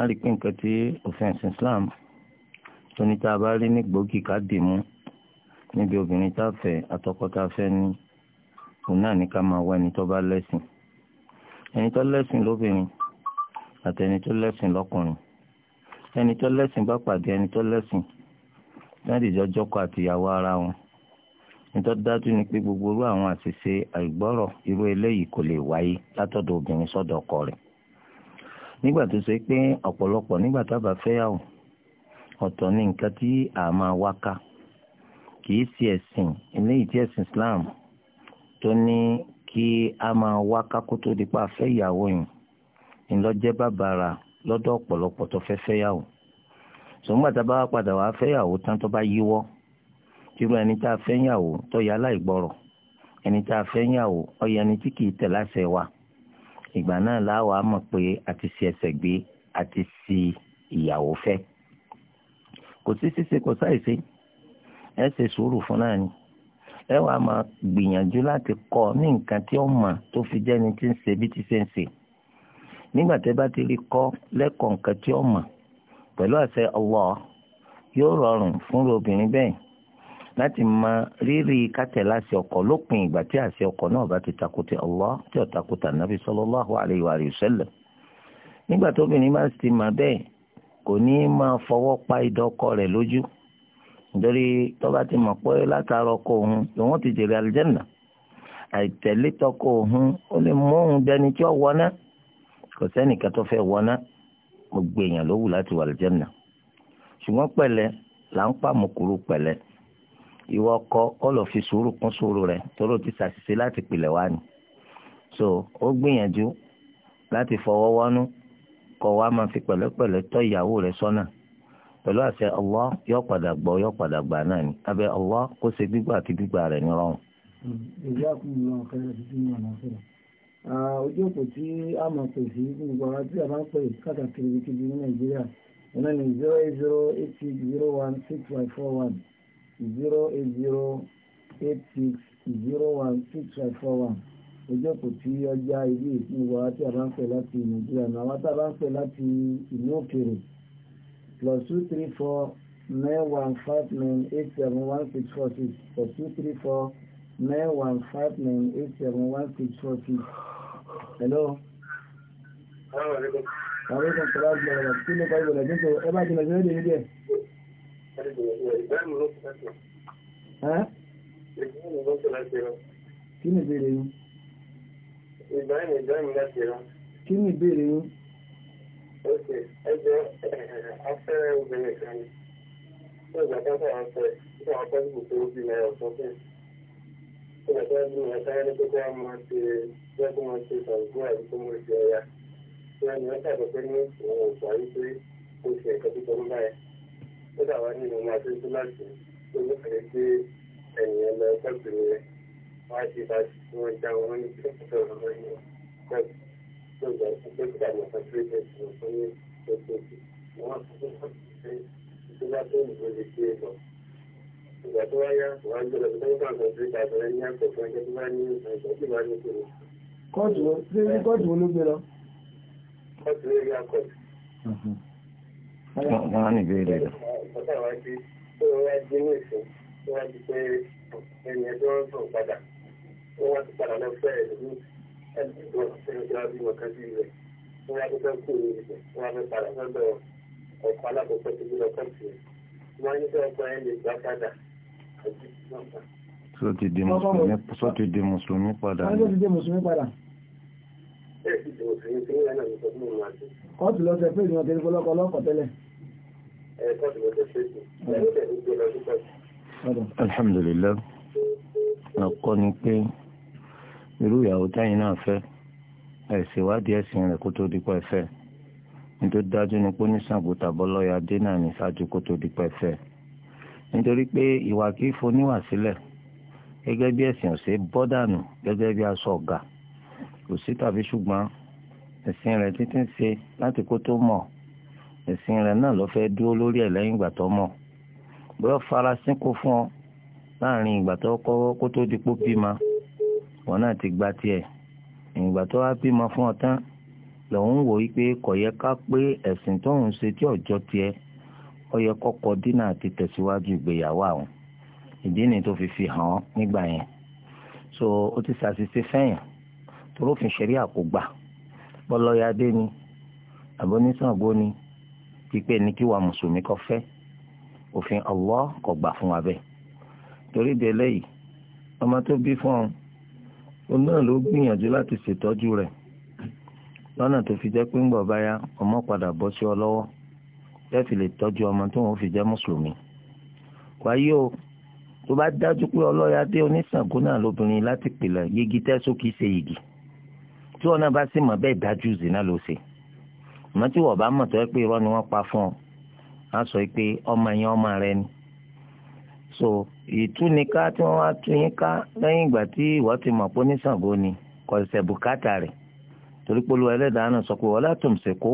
á rí pé nǹkan tí òfin ẹ̀sìn Islam tó ní tá a bá rí ní gbòógì ká dì mú níbi obìnrin tá a fẹ́ àtọkọ tá a fẹ́ ní òun náà ní ká máa wá ẹni tó bá lẹ́sìn ẹni tó lẹ́sìn lóbìnrin àtẹni tó lẹ́sìn lọ́kùnrin ẹni tó lẹ́sìn bá pàdé ẹni tó lẹ́sìn láti jọjọ́ kọ àtìyàwó ara wọn nítorí dájú ni pé gbogbo irú àwọn àṣìṣe àìgbọ́rọ̀ irú eléyìí kò lè wáyé látọ̀dọ̀ obìnrin sọ́dọ̀ ọkọ rẹ̀ nígbà tó ṣe pé ọ̀pọ̀lọpọ̀ nígbà tá a bá fẹ́yàwó ọ̀tọ̀ ní nǹkan tí a máa wá ká kìí ṣe ẹ̀sìn eléyìí tí ẹ̀sìn Islam tó ní kí a máa wá ká kó tó di pa fẹ́yàwó yìí ńlọ́jẹ́ bàbàrà lọ́dọ̀ ọ̀pọ̀lọpọ̀ tó fẹ́ fẹ́yàwó sọ̀ngbà tá a bá padà wá fẹ́yàwó tán tó bá yíwọ́ tìrú ẹni tá a fẹ́yàwó tó yà láìgbọ́rọ̀ ẹni tá a fẹ́yàwó ó ìgbà náà láwa mọ̀ pé a ti ṣe ẹsẹ̀ gbé a ti ṣe ìyàwó fẹ́ kò sí ṣíṣe kò sáìsí ẹ ṣe sùúrù fún náà ni ẹ wàá máa gbìyànjú láti kọ́ ní nǹkan tí ó mọ̀ tó fi jẹ́ni tí ń ṣe bí ti ṣe ń ṣe nígbà tẹ́ bá ti rí kọ́ lẹ́kọ̀ọ́ nǹkan tí ó mọ̀ pẹ̀lú àṣẹ Allah yóò rọrùn fún obìnrin bẹ́ẹ̀ láti ma rírì kátẹ̀lá sí ọkọ̀ lópin ìgbà tí àṣẹ ọkọ̀ náà bá ti takote Allah tí ò takùtà nàbí sallallahu alayhi àríwá sallam nígbà tóbìnrin bá ti mà bẹ́ẹ̀ kò ní máa fọwọ́ pa idọ́ rẹ̀ lójú nítorí tó bá ti mọ̀ pé òun ti jèrè àìtẹ̀lé tọkọ òun ó lè mú òun tí láti wà ìwọ kọ ọ lọ fi sùúrù kún sùúrù rẹ tóró ti ṣàṣìṣe láti pìlẹ̀ wá ni so ó gbìyànjú láti fọwọ́ wọ́nú kọ wá máa fi pẹ̀lẹ́pẹ̀lẹ́ tọ́ ìyàwó rẹ sọ́nà pẹ̀lú àṣẹ Allah yọ padà gbọ́ yọ padà gbà náà ni abẹ Allah kó ṣe gbígbà àti gbígbà rẹ̀ ní rọrùn. ìyá kùnú náà fẹ́rẹ̀ títí ní ọ̀nà fẹ́rẹ̀ ojú òpó tí a máa pè sí gbogbo àwọn tí a máa ń pè káàkiri kiri ní Nàìjíríà ìnáni zero eight zero eight six zero one six five four one zero eight zero eight six zero one six five four one ọjọ́ kò tí ọjà ilé ìpín wa tí a bá ń pè láti nàìjíríà náà wá tá a bá ń pè láti ìlú òkèèrè plus two three four nine one five nine eight seven one six four six plus two three four nine one five nine eight seven one six four six. hello. àwọn ọ̀rẹ́kùn sọ̀rọ̀ àgbẹ̀rẹ̀ kí ló bá ìbọ̀lẹ̀ dínkù ẹ bá jìnnà sí ẹ́ Kí ni ìbéèrè yín? Ìbáyìí ìbáyìí láti rán. Kí ni ìbéèrè yín? Ok, ẹjọ́ afẹ́ obìnrin kan ni. Ṣé ìgbà kan fún àwọn afẹ́ tí àwọn afẹ́ kò tó bí náírà ọ̀sán fún un? Ṣé ìgbà kan bí wọn sáré ní kókó àwọn máa ṣe jẹ́ kó máa ṣe ṣàǹgó àbí kó máa ṣe ọ̀yà? Ṣé ẹni wọ́n ṣàkóso ní òun ò gbà wípé ó ṣe ẹ̀kọ́ tó tọ́ ń báyẹn? ó wá ní ìwọ̀n máa láti tó ló fẹ́ pé lọ ṣọ́ọ̀bù rẹ̀ wá sí bá tí wọ́n já wọn ní tó tó sọ̀rọ̀ lọ ní ṣọ́ọ̀bù tó gbà tó tó gbà mọ̀ fún tó jẹ́ tó tó ní tó tó tó wọ́n tó tó ṣe tó bá tó ìbò lè ṣe lọ. ìgbà tó wáyá wọ́n á gbọ́dọ̀ tó bá nǹkan tó gbà tó ní àkọ́kọ́ ẹjọ́ tó bá ní ìgbà tó bá ní kòrò. kóòtù ló gbé lọ. kóòtù ló gbé lọ wọ́n á ní ìbéèrè rẹ̀. Ọkọ̀ alábọ̀pọ̀ tó gbúdọ̀ ní sẹ́ ọkọ̀ ẹ̀ lè padà àti ti di mùsùlùmí tó ti di mùsùlùmí padà. wọ́n tó ti di mùsùlùmí lọ́sẹ̀ pé ìdíwọ̀n tẹ́lifọ́lọ́kọ̀ ọlọ́kọ̀ tẹ́lẹ̀ alhamdulilayi ọkọ ni pé irú ìyàwó táyìn náà fẹ́ ẹ̀sìnwádìí ẹ̀sìn rẹ̀ kó tó di pẹ́ fẹ́ nítorí dájú ni pé oníṣàngó tàbọ́ lọ́ọ̀yà dé náà ní ṣáájú kó tó di pẹ́ fẹ́ nítorí pé ìwà kì foníwà sílẹ̀ gẹ́gẹ́ bí ẹ̀sìn ọ̀sẹ̀ bọ́dànù gẹ́gẹ́ bí aṣọ ọ̀gá kò sí tàbí ṣùgbọ́n ẹ̀sìn rẹ̀ títí ṣe láti kó tó mọ̀ ẹ̀sìn rẹ̀ náà ló fẹ́ dúró lórí ẹ̀ lẹ́yìn ìgbà tó mọ̀ bóyá farasin kó fún ọ láàrin ìgbà tó kọ́ kó tó di pó bímọ wọn náà ti gba tiẹ̀ ìgbà tó wá bímọ fún ọ tán lòun wò wípé kò yẹ ká pé ẹ̀sìn tó ń ṣe tí ọjọ́ tiẹ̀ ó yẹ kọ́kọ́ dínà àti tẹ̀síwájú ìgbéyàwó àwọn ìdí ni tó fi fi hàn án nígbà yẹn so ó ti ṣàṣìṣe fẹ́yìn torófin ṣẹ̀rí àkógbà bọ́lọ́yàdé ni àbónísàngó ni pípé ní kí wà mùsùlùmí kọ́ fẹ́ òfin Allah kò gbà fún wa bẹ́ẹ̀ torí de eléyìí ọmọ tó bí fún ọ náà ló gbìyànjú láti ṣètọ́jú rẹ̀ lọ́nà tó fi jẹ́ pé ń gbọ̀ báyá ọmọ padà bọ́ sí ọ lọ́wọ́ bẹ́ẹ̀ fi lè tọ́jú ọmọ tó ń fi jẹ́ mùsùlùmí wáyé o tó bá dájú pé ọlọ́yàdé oníṣàngó náà lóbìnrin láti pìlẹ̀ yegi tẹ́sókì ṣe yìgì tí wọn náà bá sì mọ̀ bẹ́ẹ̀ dájú zina ló ṣe àmọ́ tí wọ́n bá mọ̀ tó yẹ pé irọ́ ni wọ́n pa fún ọ á sọ pé ọmọ yẹn ọmọ rẹ ni. so ìtúnika tí wọ́n wá tú yín ká lẹ́yìn ìgbà tí ìwọ ti mọ̀ pé oníṣàngó ni kò ṣẹ̀ bùkátà rẹ̀ torí pé olúwa ẹlẹ́dàá náà sọ pé wọ́n látòm sèkó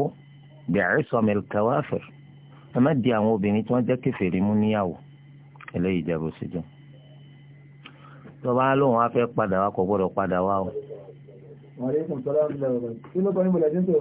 bẹ̀rẹ̀ sọmẹlì kẹwàáfẹ̀ ẹ má di àwọn obìnrin tí wọ́n jẹ́ kèfèrí mú níyàwó eléyìí jẹ́ bó ṣe jẹ́ tọba lóhun afẹ́ padà wá kò gbọ́dọ̀ padà wá o. wàlẹ́kùn sọ́lá ń lọ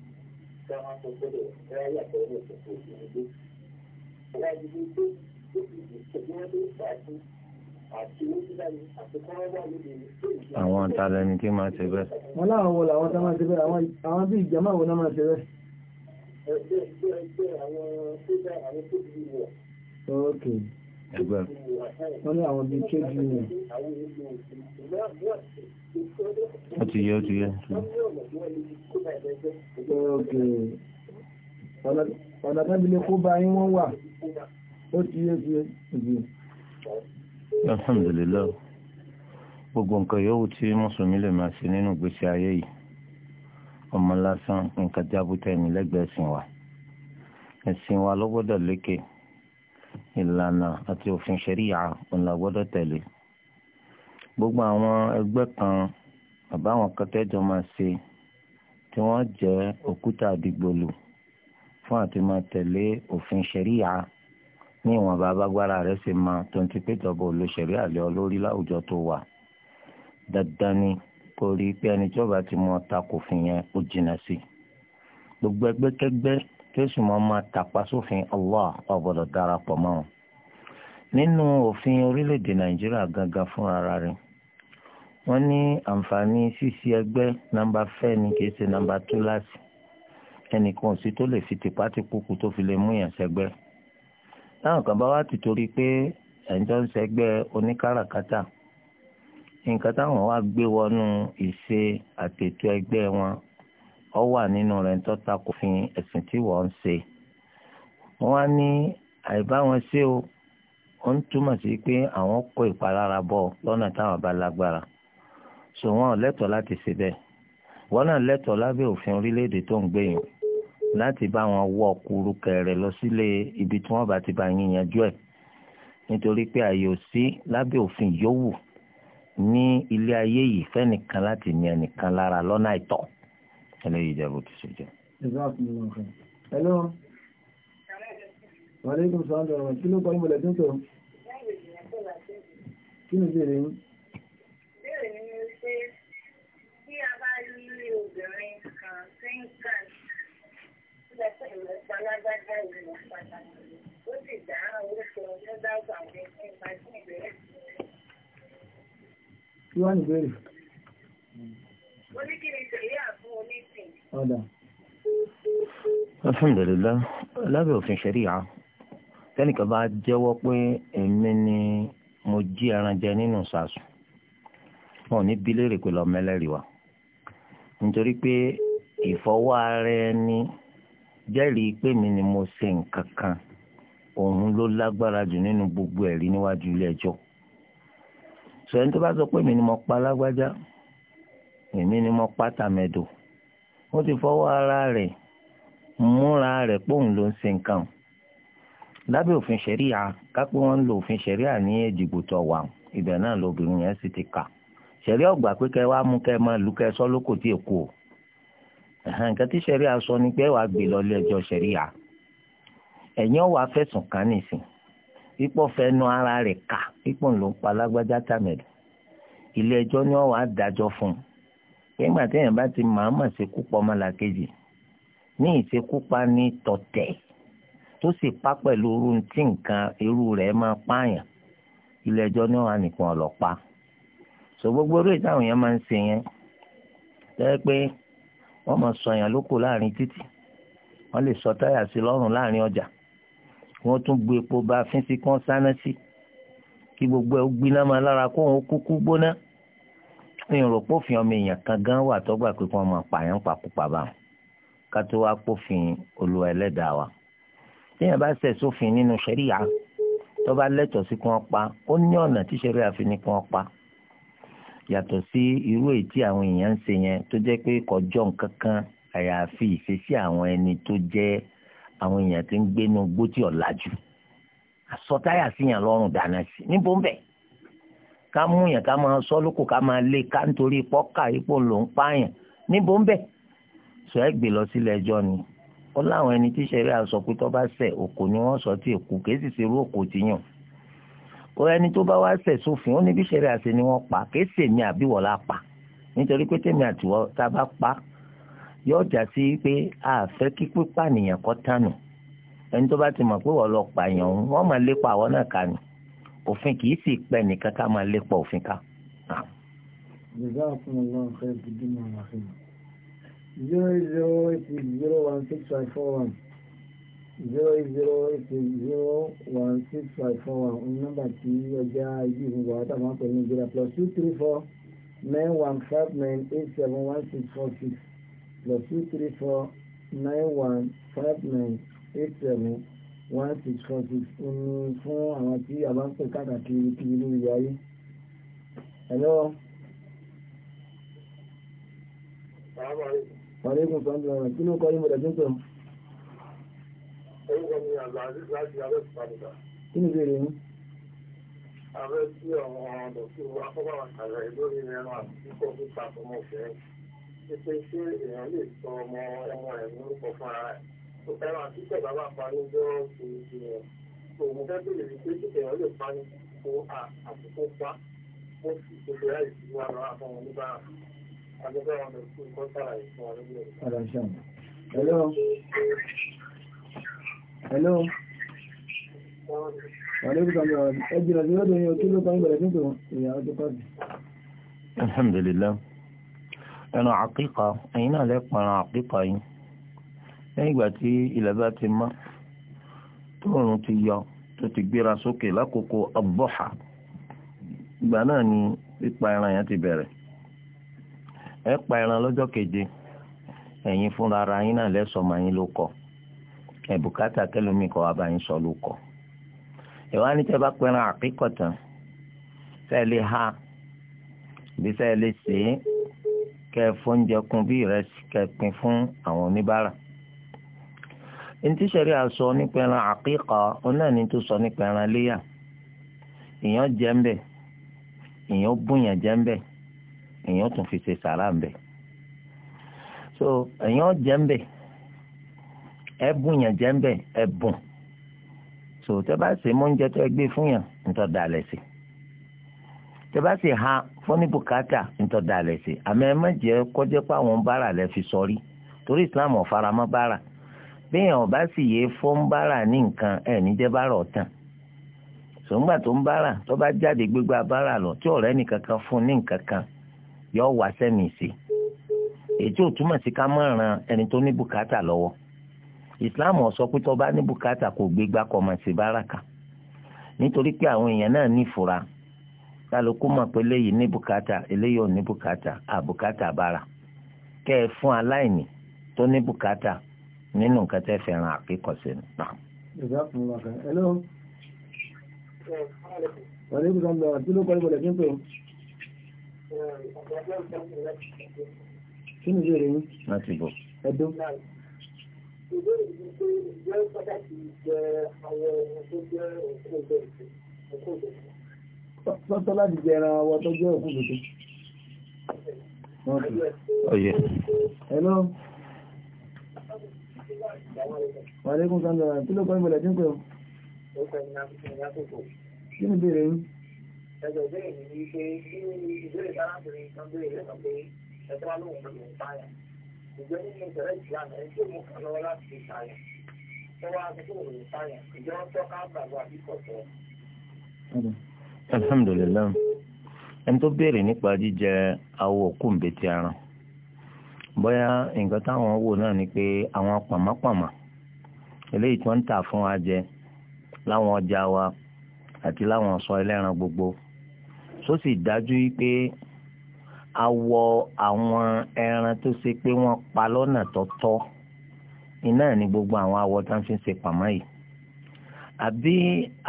dáná tó gbọ́dọ̀ ráyà tẹ́lẹ̀ tẹ̀sán òṣèlú. Ìwádìí ni pé ó ìṣẹ̀lẹ̀ wọn ló àti onídàájú àti kọ́wọ́ wà lóde. Àwọn talẹ́ni tí máa ṣe bẹ́ẹ̀. Wọ́n láwọn wo làwọn tá máa ṣe bẹ́ẹ̀, àwọn bí ìjàmá wo náà máa ṣe bẹ́ẹ̀. Ẹgbẹ́ ẹgbẹ́ ẹgbẹ́ àwọn tó dá àwọn tó ẹgbẹ́ wọ́n ní àwọn bíi kéjì ní ó ti yẹ ó ti yẹ ọ̀nà tábílẹ̀ kó bá yín wọ́n wà ó ti yẹ ti yẹ alhamdulillah gbogbo nǹkan yòówù tí mùsùlùmí lè máa ṣe nínú ìgbésí ayé yìí ọmọ lásán nǹkan jábútẹ́ ní lẹ́gbẹ̀ẹ́ sìn wa ẹ̀sìn wa ló gbọ́dọ̀ lékè ìlànà àti òfin ṣẹ̀ríyà òun la gbọ́dọ̀ tẹ̀lé gbogbo àwọn ẹgbẹ́ kan àbáwọn kẹtẹ́jọ máa ṣe tí wọ́n jẹ́ òkúta àdìgbòlù fún àti máa tẹ̀lé òfin ṣẹ̀ríyà ní ìwọ̀nba abágbára rẹ̀ ṣe máa tó ń ti péjọba olóṣèlú àlẹ́ olórí láwùjọ tó wà dandan ni kó rí i pé ẹni tí ó ti mọ takòfin yẹn ó jìnnà sí gbogbo ẹgbẹ́kẹ́gbẹ́ kí ó sì mọ́ máa tàpá sófin Allah ọ̀gbọ́dọ̀ darapọ̀ mọ́ wọn. nínú òfin orílẹ̀-èdè nàìjíríà gangan fúnra rẹ̀ wọ́n ní àǹfààní ṣíṣí ẹgbẹ́ nàmbà fẹ́ ni kì í ṣe nàmbà tú láti ẹnìkan sí tó lè fi tìpátìkúkú tó fi lè mú yàn sẹ́gbẹ́ táwọn kan bá wá ti torí pé ẹ̀jọ́ ń sẹ́gbẹ́ oníkàràkátà nǹkan táwọn wá gbé wọnú ìṣe àtètò ẹgbẹ́ wọn ọ wà nínú rẹ̀ tó takò fin ẹ̀sìn tí wọ́n ń ṣe. wọ́n á ní àìbáwọn ṣe o ó ń túmọ̀ sí pé àwọn kó ìpalára bọ̀ lọ́nà táwọn bá lágbára so wọn ò lẹ́tọ̀ọ́ láti ṣe bẹ́ẹ̀ wọn náà lẹ́tọ̀ọ́ lábẹ́ òfin orílẹ̀-èdè tó ń gbé yìí láti bá wọn wọ ọkùnrin kẹrẹ lọ sílé ibi tí wọ́n bá ti bá yín yanjú ẹ̀ nítorí pé àyè ò sí lábẹ́ òfin yòówù ní ilé ayé yìí fẹ́nìkan láti ní ẹnìkan lára lọ́nà àìtọ́ eléyìí jẹ́ bó ti ṣe jẹ́. Hello. Wa alaikum salaam ọ̀rọ̀ kí ló kọ́ ìmọ̀lẹ̀ tó ń tọ̀? Kí ni ìbéèrè yín? Ìbéèrè mi ni pé tí a bá rí obìnrin kan tí ń kàn sí lẹ́sẹ̀ ìlọ́pàá lágbájá ìlú pàtàkì ó sì dá orúkọ ọ̀dọ́dọ́gbà rẹ̀ nípa sí ìbéèrè. Kí wá ní ìbéèrè? Mo ní kí ni tẹ̀lé àfún oní alhamdulilah lábẹ́ òfin ṣẹ̀ríà tẹ́nìkan bá jẹ́wọ́ pé èmi ni mo jí ẹran jẹ nínú sàásùn wọn ò ní bí léèrè pé lọ́ọ́ mẹ́lẹ́rìí wa nítorí pé ìfọwọ́ ara ẹni jẹ́rìí pé mi ni mo ṣe nǹkan kan òun ló lágbára jù nínú gbogbo ẹ̀rí níwájú ilé ẹjọ́ sọ̀rọ̀ ní tó bá sọ pé mi ni mo pa lágbájá èmi ni mo pa tàmẹ̀dò. wọ́n ti fọwọ́ ara rẹ̀ múra rẹ̀ póun ló ń se nǹkan lábẹ́ òfin ṣẹ̀ríà kápẹ́ wọ́n lo òfin ṣẹ̀ríà ní èjìgbò ọwà wà ibẹ̀ náà lobìnrin yẹn sì ti kà ṣẹ̀ríà ọ̀gbà pé kẹ́ wá mú kẹ́ máa lu tí èkó o nǹkan sọ ni pé wàá gbé ẹjọ́ ṣẹ̀ríà ẹ̀yìn ara rẹ̀ kà pípọ̀ ló ń pa lágbájá ilé ẹjọ́ ni ọ̀wà fún nígbà téèyàn bá ti màámà ṣekú pa ọmọlàkejì ní ìṣekú pa ní tọ̀tẹ̀ tó sì pa pẹ̀lú irú tí nǹkan irú rẹ̀ máa pààyàn ilé ẹjọ́ ní wàá nìkan ọlọ́pàá sọ gbogbo orí ìtàwọn yẹn máa ń ṣe yẹn lẹ́yìn pé wọ́n máa sọ yàn lóko láàrin títì wọ́n lè sọ táyà sí lọ́rùn láàrin ọjà wọ́n tún bu epo bá fín sí sáná sí kí gbogbo ẹ̀ gbiná máa lára kó wọn kúkú gbóná ìrò pófin ọmọ èèyàn kan gan wà tọ́gbà pé kí wọ́n máa pààyàn pàkópà bá wọn ká tó wá pófin olúwa ẹlẹ́dàá wa téèyàn bá ṣẹ̀ sófin nínú ṣẹ́ríà tó bá lẹ́tọ̀ọ́ sí kí wọ́n pa ó ní ọ̀nà tí ṣẹ́ríà fi ní kí wọ́n pa yàtọ̀ sí irú èyí tí àwọn èèyàn ń ṣe yẹn tó jẹ́ pé kọjọ́ nǹkan kan àyàfi ìṣesí àwọn ẹni tó jẹ́ àwọn èèyàn tí ń gbénu gbó tí àsọtáyà síyàn lọ́rùn dáná sí níbo ń bẹ̀ẹ́ ká mú yàn ká máa sọ lóko ká máa lé ká nítorí pọ́kà ipò ló ń pààyàn níbo ń bẹ̀ sọ ẹ gbé lọ sílé ẹjọ́ ni ó láwọn ẹni tí sẹ́rí àsọ pé tó bá ṣẹ̀ òkò ni wọ́n sọ tí èkó kì í sì ṣerú òkò ti yàn ó ẹni tó bá wá ṣẹ̀ sófin ó ní bí sẹ́rí àṣẹ ni wọ́n pa kì í ṣèmi àbíwọ̀ la pa nítorí pé tèmi àtiwọ́ tá a bá pa yóò já sí pé a fẹ́ kí pípànìyàn kọ́ tánù ẹni tó bá ti mọ̀ pé wọ́n lọ pààyàn wọ́n máa lépa àwọn náà kánù òfin kì í sì pẹ́ nìkan ká máa lépa òfin ká. zero eight zero eight zero one six five four one zero zero eight zero one six five four one ní nọ́mbà tí ọjà ibi ìgbìmọ̀ àtàwọn pẹ̀lú Nàìjíríà plus two three four nine one five nine eight seven one six four six plus two three four nine one five nine eight seven one six four six ní fún àwọn tí a bá ń pè káàkiri kiri ní ilé ayé hello Wàlékún sọ́ndì ọ̀rọ̀ kí ló kọ́ yín bọ̀dẹ̀ tuntun? Orúkọ mi àgbà láti Abẹ́òkúta. Kí ni ìbéèrè yín? Abẹ́ tí àwọn ọ̀dọ̀ tí wọ́n akọ́bà wà kàlẹ̀ lórí ẹran àti kíkọ́ fún ìtàkùn ọmọ òfin. Ṣé pé ṣé èèyàn lè sọ ọmọ ọmọ ẹ̀ ní fún ara ẹ̀? tó fẹ́ràn àtúntẹ̀ bàbá panijọ́ òògùn yẹn tó mo fẹ́ bèrè ní pé títẹ̀ yẹn lè pani kó àkókò pa mo sì tètè láì sí wa lọ àfọ̀n wọn nígbà àgbẹ̀bẹ̀ wọn lọ sí nǹkan sàlàyé fún wa lórí ẹ̀rọ. Hello. Hello. Alhamdulillah. Ẹran àkíkà, ẹ̀yin náà lẹ́pọ̀ ẹran àkíkà yìí lẹ́yìn ìgbà tí ilẹ̀ bá ti mọ́ tóòrùn ti yọ tó ti gbéra sókè lákòókò ọ̀bọ̀hà ìgbà náà ni pípa ẹran yẹn ti bẹ̀rẹ̀ ẹ pa ẹran lọ́jọ́ keje ẹ̀yin fúnra ara yín náà lẹ́sọ̀ọ́ màá yín ló kọ́ ẹ̀ kẹlómi kọ́ wa bá yín sọ ló kọ́ ìwà ni tẹ́ bá pẹran àkíkọ̀ tán fẹ́ẹ́ lè ha bí fẹ́ẹ́ lè sèé kẹ́ fóúnjẹ kún bí ìrẹsì kẹ́ pin fún àwọn oníbàárà ntí sẹ́rí àsọ nípa ẹran àkíkà òun náà ní tó sọ nípa ẹran léyà èèyàn jẹ́ ń bẹ̀ èèyàn bùnyàn jẹ́ ń bẹ̀ èèyàn tún fi ṣe sàrà ń bẹ̀ so èèyàn jẹ́ ń bẹ̀ ẹ bùnyàn jẹ́ ń bẹ̀ ẹ bùn so tẹ́ bá ṣe mọ́ oúnjẹ tó ẹ gbé fún yàn ńtọ́ dalẹ̀ sí tẹ́ bá ṣe ha fọ́nì bùkátà ńtọ́ dalẹ̀ sí àmọ́ ẹ má jẹ́ kọ́jẹ́ pé àwọn bára lẹ fi sọrí torí Islam ò faramọ́ bára. bẹ́ẹ̀ ọba sì yé fún ń bára ní nǹkan ẹ̀ níjẹ́ bára ọ̀tàn sọgbà tó ń bára tó bá jáde gbégbá bára lọ tí ọrẹ nìkan kan fún ní nǹkan kan yọ wá sẹ́mi sí ètò òtúmọ̀ sí ká má ran ẹni tó ní bùkátà lọ́wọ́ Islam ó pé tó bá ní bùkátà kò gbégbá kọ́ sí ṣe báràkà nítorí pé àwọn èèyàn náà ní ìfura kálukú mọ̀ pé eléyìí ní bùkátà eléyìí ò ní bùkátà àbùkátà bára kẹ́ ẹ fún aláìní tó ní bùkátà nínú nǹkan tẹ́ fẹ́ràn àkíkọ̀ sí ni. Kí ni ìbéèrè yín? Láti bọ̀. Ẹdún. Ìbéèrè yìí pé ìjọ pàtàkì jẹ àwọn ẹ̀yàn tó jẹ́ òkú ìbẹ̀rẹ̀ òkú ìbẹ̀rẹ̀ lọ́tọ́ láti jẹra ọwọ́ tó jẹ́ òkú gbogbo. Ọ̀yẹ́. Hello. Wàlékún Sandra, kí ló kọ́ ìbọ̀lẹ̀ tí ń pè ọ́? Ó kọ́ ìrìnà fún ìrìnà tó kò. Kí ni ìbéèrè yín? Ẹgbẹ̀ ìbéèrè mi ni pé kí ni ìbéèrè arábìnrin kan béèrè lẹ́kàn pé ẹgbẹ́ wa lóhùn pẹ̀lú ìpáyà. Ìjọ nínú ìbẹ̀rẹ̀ ìsìlámù ẹni tó mú kan lọ́wọ́ láti fi ṣàyà. Ó wá sọ pé òun ìpáyà. Ìjọ tọ́ka gbàgbọ́ àbí kọ̀tọ̀. Alhamdulillah, ẹni tó béèrè nípa jíjẹ awọ kùnbẹ́tì aràn bóyá nǹkan táwọn wò náà ni pé àwọn pàmápàmá eléyìí tí wọ́n ń tà fún wa jẹ láwọn ọjà wa àti láwọn ọ̀sọ́ ẹlẹ́ran gbogbo tó sì dájú pé awọ àwọn ẹran tó ṣe pé wọ́n pa lọ́nà tọ́tọ́ iná ní gbogbo àwọn awọ tá ń fi ṣe pàmò yìí àbí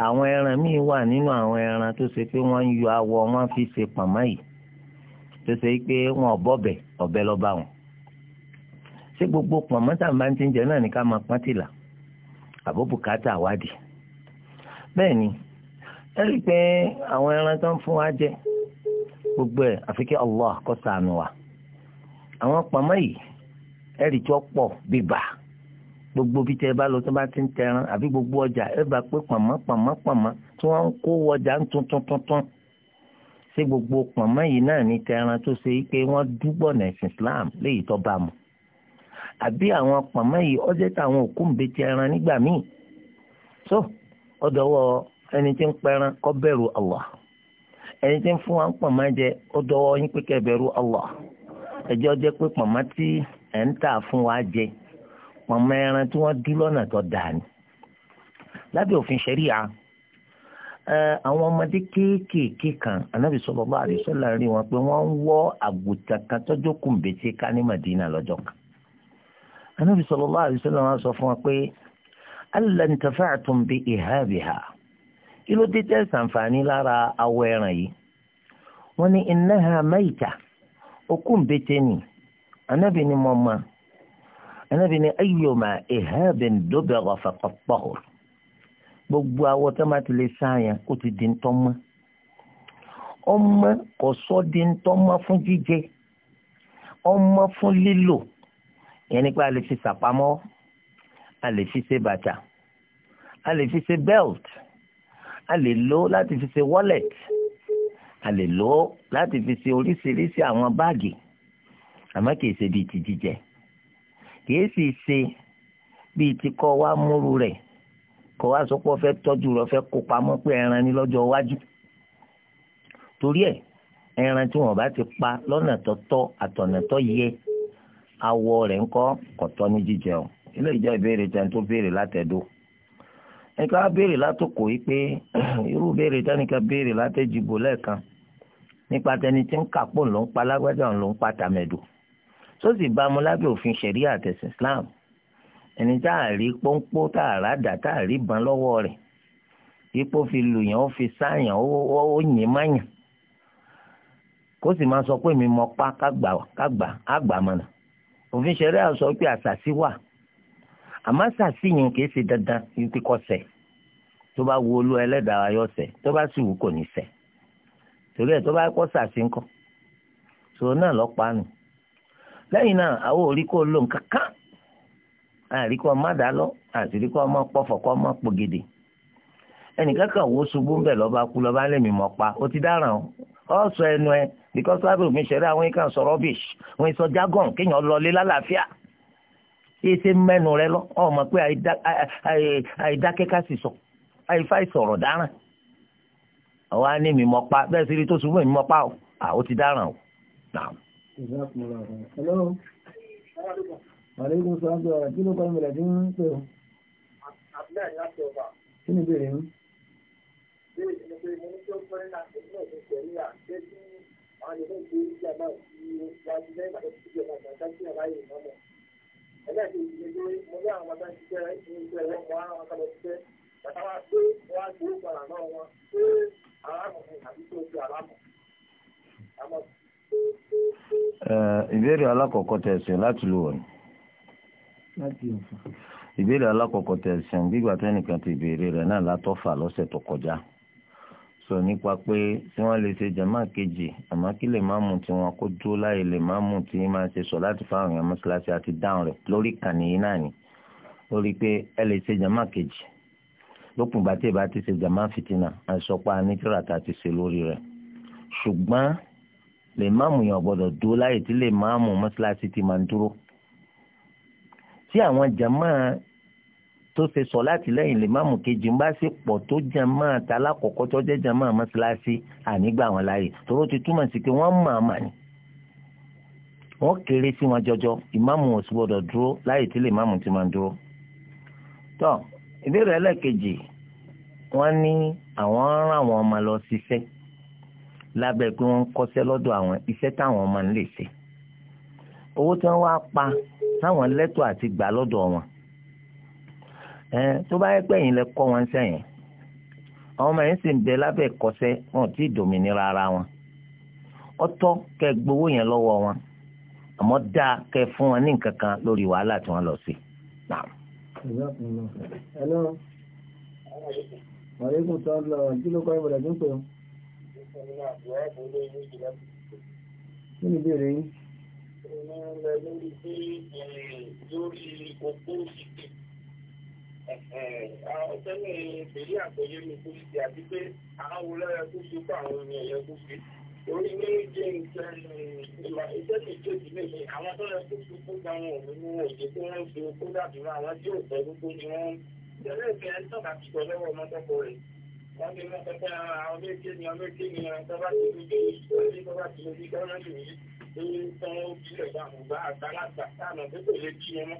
àwọn ẹran míì wà nínú àwọn ẹran tó ṣe pé wọ́n ń yọ awọ wọ́n fi ṣe pàmò yìí tó ṣe pé wọ́n ọ̀bọ̀bẹ̀ ọ̀bẹ lọ́ba wọn ṣé gbogbo pọ̀nmọ́tà máa ń ti ń jẹ náà ní ká máa pọ́n tìlà àbó bùkátà bẹ́ẹ̀ ni ẹ rí i pé àwọn ẹran tó ń fún wa jẹ gbogbo ẹ̀ àfi kí Allah kó ṣàánú wa àwọn pọ̀nmọ́ yìí ẹ rí i tí wọ́n pọ̀ bíbà gbogbo bí tẹ bá lọ tó bá ti ń tẹran àbí gbogbo ọjà ẹ bá pé pọ̀nmọ́ pọ̀nmọ́ pọ̀nmọ́ tí wọ́n ń kó ọjà ń tuntun tuntun ṣé gbogbo pọ̀nmọ́ yìí náà ní tẹran tó ṣe é pé wọ́n dúgbọ̀nà ẹ̀sìn Islam léyìí tó bá àbí àwọn pàmò yìí ọjọ́ táwọn òkú ńbẹ́tì ẹran nígbà míì so ọdọwọ ẹni tí ń pẹran kó bẹ̀rù Allah ẹni tí ń fún wa ń pàmò jẹ ọdọwọ yín pé kẹ́ bẹ̀rù Allah ẹjọ́ pé pàmò tí ń tà fún wa jẹ pàmò ẹran tí wọ́n dú lọ́nà tó dáa àwọn ọmọdé kéékèèké kan anábì wọn pé ń anábì sallallahu alaihi wasallam sọ fún wa pé allan tafa'tum bi ihabiha kí ló dé tẹ́ sàǹfààní lára awọ ẹran yìí wọ́n ní innaha mayta òkú ńbẹ́tẹ́ ni anábì ni mo mọ anábì ni ayyuma ihabin dubagha faqad tahur gbogbo awọ tó máa ti lè sáàyàn ó ti di ntọ́mọ ọmọ kò sọ di ntọ́mọ fún jíjẹ ọmọ fún lílò ìyẹn nípa a lè fi sàpamọ́ a lè fi ṣe bàtà a lè fi ṣe belt a lè lò láti fi ṣe wallet a lè lò láti fi ṣe oríṣiríṣi àwọn báàgì àmọ́ kìí ṣe bíi ti jíjẹ kìí sì ṣe bíi ti kọ́ wa múru rẹ̀ kọ́ wa sọ pé ọ fẹ́ tọ́jú rẹ̀ ọ fẹ́ kó pamọ́ pé ẹran ní lọ́jọ́ iwájú torí ẹ̀ ẹran tí wọ́n bá ti pa lọ́nà tó àtọ̀nà tó yẹ awọ rẹ̀ ńkọ́ kò tọ́ ní jíjẹ o ilé ìjọ ìbéèrè tẹ̀ ń tó béèrè látẹ̀dó ẹ̀ka béèrè látòkò yìí pé irú béèrè tẹ́nìkan béèrè látẹ̀jìbò lẹ́ẹ̀kan nípa tẹni tí ń kàpò ló ń pa lágbájá ló ń pa tàmẹ̀dò tó sì bá mu lábẹ́ òfin ṣẹ̀rí àtẹ̀sìn Islam ẹni tá a rí pọ́npọ́ tá a rádà tá a rí ban lọ́wọ́ rẹ̀ ipò fi lùyàn ó fi sáyàn ó yìn máyàn kó sì máa sọ pé mi mọ pa kágbà àgbà mọ̀nà òfin ṣẹlẹ̀ àṣọ pé àṣàṣì wà àmọ́ àṣàṣì yẹn kì í ṣe dandan yìí pé kọ́ ṣẹ tó bá wo olú ẹlẹ́dàá yọ ṣẹ tó bá sì wù kò ní ṣẹ torí ẹ̀ tó bá kọ́ ṣàṣì ńkọ́ sòrò náà lọ́ pa nù lẹ́yìn náà àwọn òrí kò lò nǹkankan àrí kò má dá lọ àti rí kò má pọ̀fọ̀ kò má pògèdè ẹnìkan kan wo ṣubú ńbẹ̀ lọ́ba kú lọ́ba lẹ́mìí mọ́ pa ó ti dáràn ọ̀sọ̀ ẹnu ẹ because bible mi ṣẹ̀rí àwọn kan sọ rubbish wọ́n sọ jargon kéèyàn lọlé lálàáfíà yìí ṣe mẹ́nu rẹ lọ ọ mọ̀ pé àìdákẹ́ká sì sọ àìfá ìsọ̀rọ̀ dáràn àwa ní mi mọ pa bẹ́ẹ̀ sì rí tó sunwó mi mọ pa o àó ti dáràn o. Àlékún sọ́ńdọ̀ kí ló kọ́ mi lẹ̀ dín ní pé o? Àbúlé àyà ti ọba. Kí ni ìbéèrè yín? Eh, bí èyí ni pé mo ní tó fẹ́ náà èyí náà ti tẹ̀lé à ṣé kí àwọn ìlú ìgbé ìjà náà ti wájú lẹ́yìn ìgbà tó ti jẹ ọ̀gá ìgbà tí ìyàrá yìí mọ́ mọ́. ẹgbẹ́ ti di pé mo rí àwọn ọmọdé ṣiṣẹ́ ní iṣẹ́ ẹ̀rọ mo á wọn kọ́lọ́ ṣiṣẹ́ bàtà wa pé wọ́n á gbé ìpàrà náà wọn pé arákùnrin àbí tó ti arákùnrin àmọ́. ìbéèrè alákọ̀ọ́kọ́ tẹ̀sán láti lò wọ̀nyí ìbéèrè alákọ̀ọ́kọ́ tẹ̀sán gbígbà tẹ́nìkan ti béèrè rẹ̀ náà látọ́fà lọ́sẹ̀ tó kọjá sọ nípa pé tí wọ́n lè ṣe jàmá kejì àmọ́ kí lè má mú tiwọn kó dúró láyè lè má mú tí máa ṣe sọ láti fáwọn èèyàn mọ́ṣáláṣí àti dáhùn rẹ̀ lórí kàní náà ni lórí pé ẹ lè ṣe jàmá kejì lópin ìgbà tí ìbá ti ṣe jàmá fìtínà àìsọpá anítìrà tá a ti ṣe lórí rẹ̀ ṣùgbọ́n lè má mú yàn gbọ́dọ̀ dúró láyè tí lè má mú mọ́ṣáláṣí ti máa ń dúró tí àwọn jàmá tó ṣe sọ láti lẹ́yìn lè máàmù kejì ń bá sì pọ̀ tó jàmá ta lákọ̀ọ́kọ́ tó jẹ́ jàmá mọ́ṣáláṣí ànígbà wọn láàyè tóró ti túmọ̀ sí pé wọ́n mọ̀ àmà ni. wọ́n kéré sí wọn jọjọ ìmáàmù ò sì gbọ́dọ̀ dúró láyè tí lè máàmù ti máa dúró. tó ìbéèrè ẹlẹ́ẹ̀kejì wọ́n ní àwọn rán àwọn ọmọ lọ síṣẹ́ lábẹ́ pé wọ́n ń lọ́dọ̀ àwọn iṣẹ́ táwọn ọmọ ń lè ṣe. owó tí wọ́n wá pa táwọn lẹ́tọ̀ọ́ àti gbà lọ́dọ̀ wọn tó bá yẹ pé ẹ̀yin lẹ kọ́ wọn sẹ́yìn àwọn ọmọ yẹn sì ń bẹ lábẹ́ ìkọ́ṣẹ́ wọn ò tí ì dòmìnira ara wọn ọ̀tọ̀ kẹ́ gbowó yẹn lọ́wọ́ wọn àmọ́ dáa kẹ́ fún wọn ní nǹkan kan lórí wàhálà tí wọ́n lọ sí. hello maaleykum salaam kí ló kọ́ ìbéèrè yín. lórí pé lórí òpó àwọn sẹ́mi ìbéèrè àgbẹ̀yẹ mi kú sí àti pé àwọn wo lọ́yẹ kó fi àwọn ènìyàn yẹ kó fi orí ní jẹ́ nǹkan ìwà iṣẹ́ mi kéjì lèmi àwọn tó yẹ kó fi kó dáwọn òun ní òye tó wọ́n fi kó dàbíra àwọn tí ò fẹ́ gbogbo ni wọ́n tẹ̀lé ìfẹ́ ẹni tọ́ka ti sọ lọ́wọ́ ọmọdọ́kọ rẹ̀ wọ́n ti mú pẹpẹ àwọn méjì ni àwọn méjì ni tọ́ba ti fi dé tọ́ba ti fi bí ẹ̀dá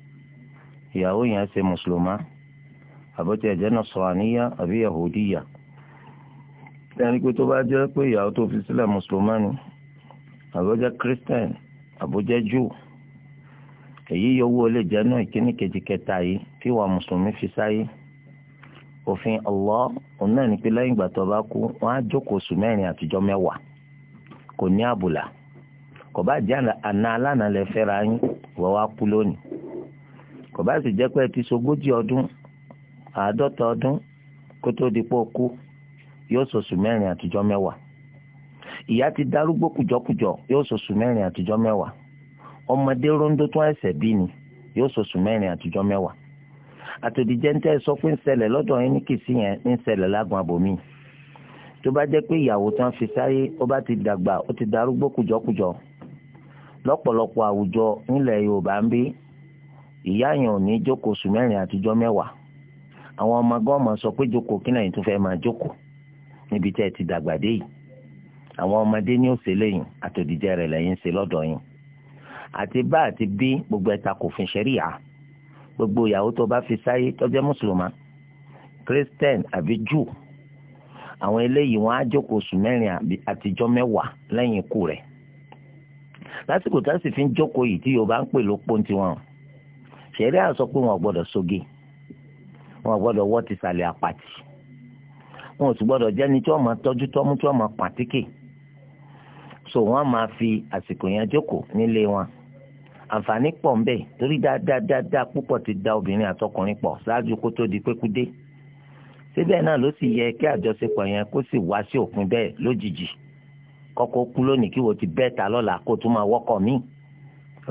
ìyàwó yẹn ṣe mùsùlùmá àbọ̀tí ẹ̀jẹ̀ náà sọ̀ràníyà àbí yahudiya ẹni pé tó bá jẹ́ pé ìyàwó tó fi sílẹ̀ mùsùlùmá ni àbọ̀jẹ́ christian àbọ̀jẹ́ jew èyí yòówó lè jẹ́ náà ìkíní kejì kẹta yìí tí wà mùsùlùmí fi sáyé òfin Allah òun náà ní pé lẹ́yìn ìgbà tó bá kú wọ́n á jókòó oṣù mẹ́rin àtijọ́ mẹ́wàá kò ní àbùlà kò bá jẹ́ kò bá sì jẹ́ pé ti sogójì ọdún àádọ́ta ọdún kó tó di pé ó kú yóò sọ̀sù mẹ́rin àtijọ́ mẹ́wàá ìyá ti darúgbó kùjọkùjọ yóò sọ̀sù mẹ́rin àtijọ́ mẹ́wàá ọmọdé róńdó tó ẹsẹ̀ bí ni yóò sọ̀sù mẹ́rin àtijọ́ mẹ́wàá àtòdìjẹ́ ń tẹ́ ẹ sọ pé ń ṣẹlẹ̀ lọ́dọ̀ yín ní kìsì yẹn ń ṣẹlẹ̀ lágùn abòmíì tó bá jẹ́ pé ìyàwó tí wọ́n fi sáyé ó bá ti dàgbà ó ti darúgbó kùjọkùjọ lọ́pọ̀lọpọ̀ àwùjọ nílẹ̀ Yorùbá ń bí ìyá yẹn ò ní jókòó oṣù mẹ́rin àtijọ́ mẹ́wàá àwọn ọmọ gọ́ọ̀mọ̀ sọ pé jókòó kí náà yìí tún fẹ́ máa jókòó níbi tẹ́ ẹ ti dàgbà dé yìí àwọn ọmọdé ní òsè lẹ́yìn àtòdìjẹ́ rẹ̀ lẹ́yìn ṣe lọ́dọ̀ yín àti bá àti bí gbogbo ẹ̀ta kò fin ṣẹ́ríyà gbogbo ìyàwó tó bá fi sáyé tó mùsùlùmá christian àbí jù àwọn eléyìí wọn á jókòó oṣù mẹ́rin àtijọ́ mẹ́wàá lẹ́yìn ikú rẹ̀ lásìkò tá a sì fi ń jókòó yìí tí yorùbá ń pè lópó tiwọn o ṣẹ̀rí à sọ pé wọn gbọ́dọ̀ soge wọn gbọ́dọ̀ wọ́ ti sàlẹ̀ àpàtì wọn ò sì gbọ́dọ̀ jẹ́ni tí wọ́n máa tọ́jú tọ́mú tí wọ́n máa pàtíkè so wọ́n máa fi àsìkò yẹn jókòó nílé wọn àǹfààní pọ̀ ńbẹ̀ torí dáadáa púpọ̀ ti da obìnrin àtọkùnrin pọ̀ ṣáájú kó tó di pékúdé síbẹ̀ náà ló sì yẹ kí àjọṣepọ̀ yẹn kó sì wá sí òpin bẹ́ẹ̀ lójijì kọ́kọ́ kú lónìí kí wo ti bẹ́ẹ̀ ta lọ́la kó tún máa wọ́kọ̀ míì